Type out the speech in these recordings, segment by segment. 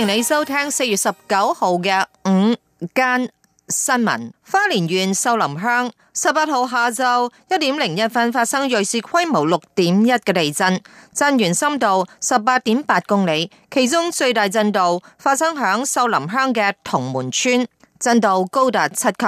歡迎你收聽四月十九號嘅午間新聞。花蓮縣秀林鄉十八號下晝一點零一分發生芮氏規模六點一嘅地震，震源深度十八點八公里，其中最大震度發生響秀林鄉嘅銅門村，震度高達七級。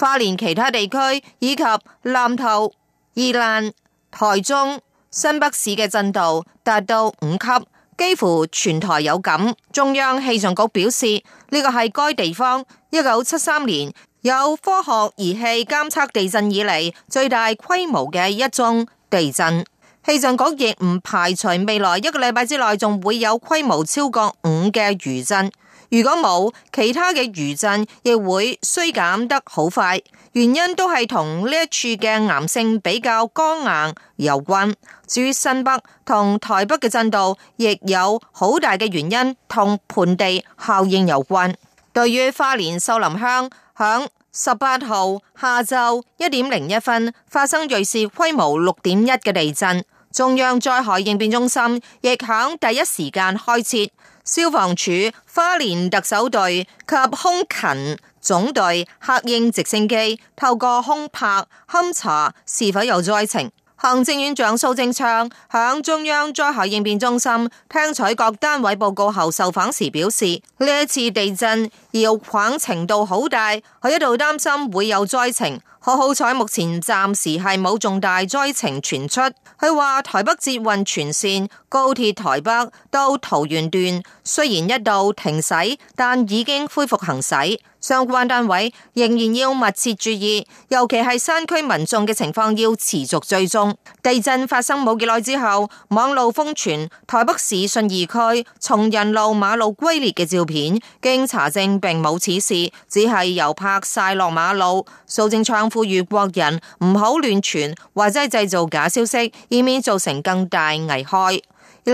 花蓮其他地區以及南投、宜蘭、台中、新北市嘅震度達到五級。幾乎全台有感。中央氣象局表示，呢個係該地方一九七三年有科學儀器監測地震以嚟最大規模嘅一宗地震。氣象局亦唔排除未來一個禮拜之內仲會有規模超過五嘅餘震。如果冇其他嘅餘震，亦會衰減得好快。原因都係同呢一處嘅岩性比較剛硬有關。至於新北同台北嘅震度，亦有好大嘅原因同盆地效應有關。對於花蓮秀林鄉響十八號下晝一點零一分發生芮氏規模六點一嘅地震，中央災害應變中心亦響第一時間開設。消防處、花蓮特搜隊及空勤總隊黑鷹直升機透過空拍勘查是否有災情。行政院長蘇貞昌響中央災害應變中心聽取各單位報告後受訪時表示：呢一次地震搖晃程度好大，佢一度擔心會有災情。我好彩，目前暫時係冇重大災情傳出。佢話台北捷運全線、高鐵台北到桃園段雖然一度停駛，但已經恢復行駛。相關單位仍然要密切注意，尤其係山區民眾嘅情況要持續追蹤。地震發生冇幾耐之後，網路瘋傳台北市信義區松仁路馬路龜裂嘅照片，經查證並冇此事，只係由拍晒落馬路。素正呼籲國人唔好亂傳，或者係製造假消息，以免造成更大危害。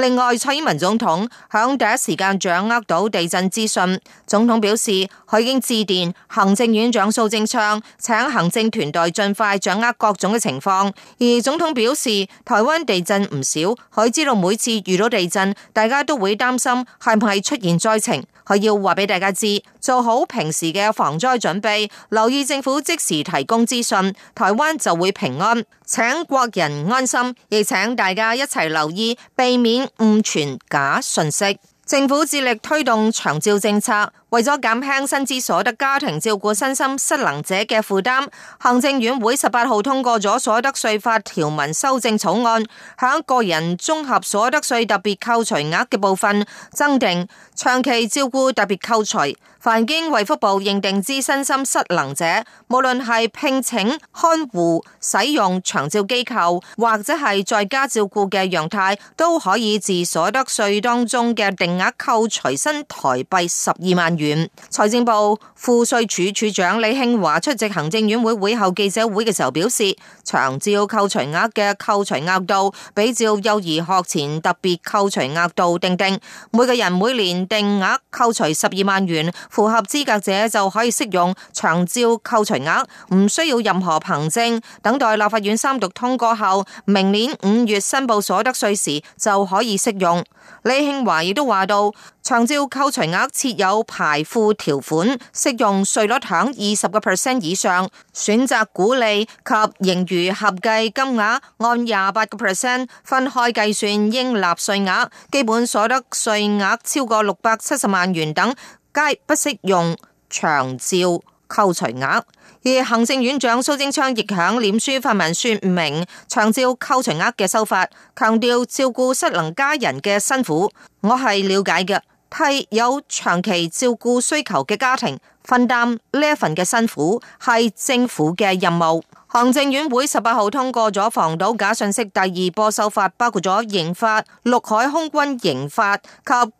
另外，蔡英文總統響第一時間掌握到地震資訊。總統表示，佢已經致電行政院長蘇貞昌，請行政團隊盡快掌握各種嘅情況。而總統表示，台灣地震唔少，佢知道每次遇到地震，大家都會擔心係唔係出現災情。佢要話俾大家知，做好平時嘅防災準備，留意政府即時提供資訊，台灣就會平安，請國人安心，亦請大家一齊留意，避免誤傳假信息。政府致力推動長照政策。為咗減輕薪資所得家庭照顧身心失能者嘅負擔，行政院會十八號通過咗所得稅法條文修正草案，向個人綜合所得稅特別扣除額嘅部分增訂長期照顧特別扣除。凡經衛福部認定之身心失能者，無論係聘請看護、使用長照機構或者係在家照顧嘅樣態，都可以自所得稅當中嘅定額扣除新台幣十二萬元。財政部賦稅署署長李慶華出席行政院會會後記者會嘅時候表示，長照扣除額嘅扣除額度比照幼兒學前特別扣除額度定定，每個人每年定額扣除十二萬元，符合資格者就可以適用長照扣除額，唔需要任何憑證。等待立法院三讀通過後，明年五月申報所得稅時就可以適用。李慶華亦都話到，長照扣除額設有排。排富條款適用稅率響二十個 percent 以上，選擇股利及盈餘合計金額按廿八個 percent 分開計算應納稅額，基本所得稅額超過六百七十萬元等，皆不適用長照扣除額。而行政院長蘇貞昌亦響臉書發文說明長照扣除額嘅修法，強調照顧失能家人嘅辛苦，我係了解嘅。，係有長期照顧需求嘅家庭分擔呢一份嘅辛苦，係政府嘅任務。行政院會十八號通過咗防堵假信息第二波修法，包括咗刑法、陸海空軍刑法及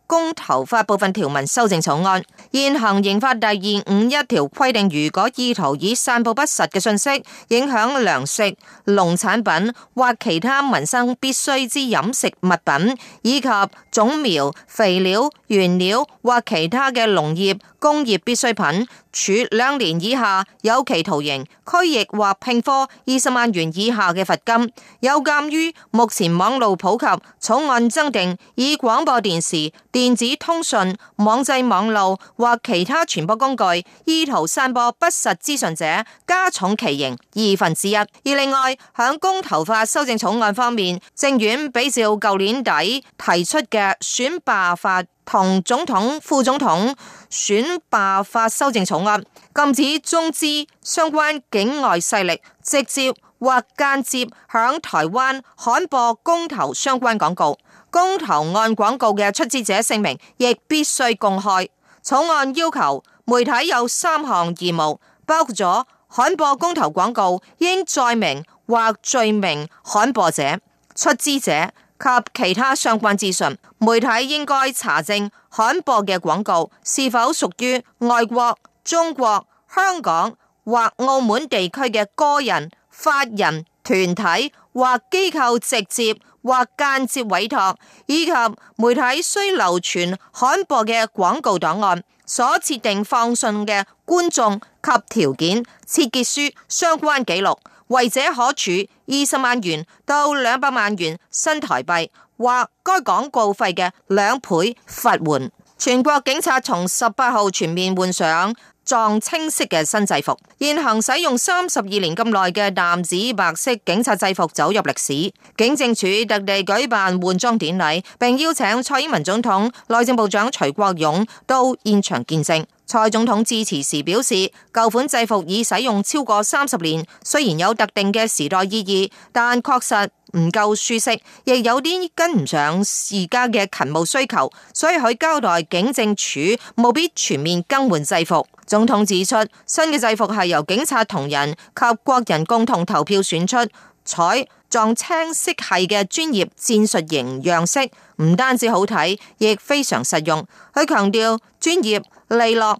公投法部分條文修正草案，現行刑法第二五一條規定，如果意圖以散布不實嘅信息，影響糧食、農產品或其他民生必需之飲食物品，以及種苗、肥料、原料或其他嘅農業、工業必需品，處兩年以下有期徒刑、拘役或聘科二十萬元以下嘅罰金。有鑒於目前網路普及，草案增訂以廣播電視。電子通訊、網際網路或其他傳播工具，意圖散播不實資訊者，加重其刑二分之一。而另外，響公投法修正草案方面，政院比照舊年底提出嘅選罷法同總統、副總統選罷法修正草案，禁止中資相關境外勢力直接或間接響台灣刊播公投相關廣告。公投案廣告嘅出資者姓名亦必須公開。草案要求媒體有三項義務，包括咗刊播公投廣告應載明或罪名刊播者、出資者及其他相關資訊。媒體應該查證刊播嘅廣告是否屬於外國、中國、香港或澳門地區嘅個人、法人、團體或機構直接或間接委託，以及媒體需留存刊播嘅廣告檔案，所設定放信嘅觀眾及條件、撤結書相關記錄，違者可處二十萬元到兩百萬元新台幣，或該廣告費嘅兩倍罰款。全國警察從十八號全面換上，藏青色嘅新制服，現行使用三十二年咁耐嘅淡紫白色警察制服走入歷史，警政署特地舉辦換裝典禮，並邀請蔡英文總統、內政部長徐國勇到現場見證。蔡總統致辭時表示，舊款制服已使用超過三十年，雖然有特定嘅時代意義，但確實。唔夠舒適，亦有啲跟唔上而家嘅勤務需求，所以佢交代警政署務必全面更換制服。總統指出，新嘅制服係由警察同仁及國人共同投票選出，採藏青色系嘅專業戰術型樣式，唔單止好睇，亦非常實用。佢強調專業、利落。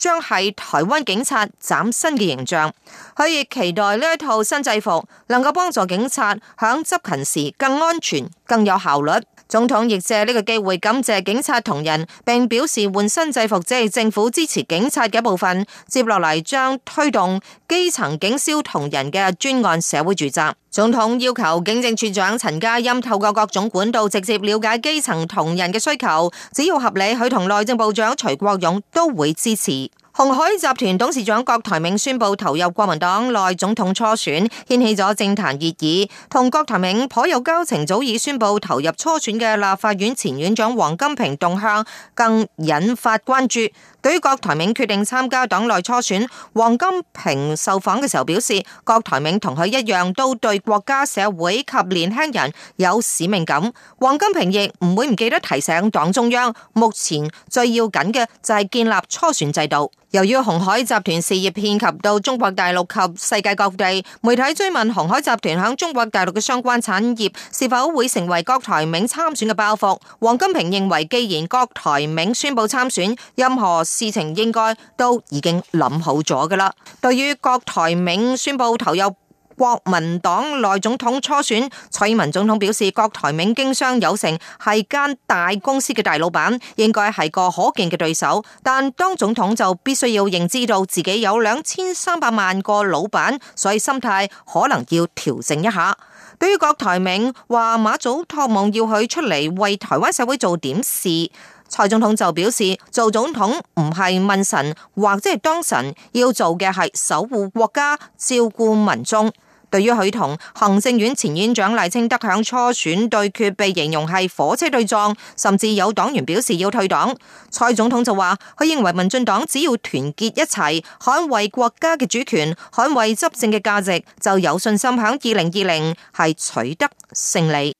將係台灣警察嶄新嘅形象，佢亦期待呢一套新制服能夠幫助警察喺執勤時更安全、更有效率。總統亦借呢個機會感謝警察同仁，並表示換新制服只係政府支持警察嘅一部分。接落嚟將推動基層警消同仁嘅專案社會住宅。總統要求警政署長陳家欣透過各種管道直接了解基層同仁嘅需求，只要合理，佢同內政部長徐國勇都會支持。鴻海集團董事長郭台銘宣布投入國民黨內總統初選，掀起咗政壇熱議。同郭台銘頗有交情，早已宣布投入初選嘅立法院前院長王金平動向更引發關注。對於郭台銘決定參加黨內初選，王金平受訪嘅時候表示，郭台銘同佢一樣都對國家、社會及年輕人有使命感。王金平亦唔會唔記得提醒黨中央，目前最要緊嘅就係建立初選制度。由於鴻海集團事業遍及到中國大陸及世界各地，媒體追問鴻海集團響中國大陸嘅相關產業是否會成為郭台銘參選嘅包袱。王金平認為，既然郭台銘宣布參選，任何事情應該都已經諗好咗㗎喇。對於郭台銘宣布投入，國民黨內總統初選，蔡英文總統表示，郭台銘經商有成，係間大公司嘅大老闆，應該係個可敬嘅對手。但當總統就必須要認知到自己有兩千三百萬個老闆，所以心態可能要調整一下。對於郭台銘話媽祖託夢要佢出嚟為台灣社會做點事，蔡總統就表示，做總統唔係問神或者係當神，要做嘅係守護國家、照顧民眾。對於佢同行政院前院長賴清德響初選對決被形容係火車對撞，甚至有黨員表示要退黨。蔡總統就話，佢認為民進黨只要團結一齊，捍衛國家嘅主權，捍衛執政嘅價值，就有信心響二零二零係取得勝利。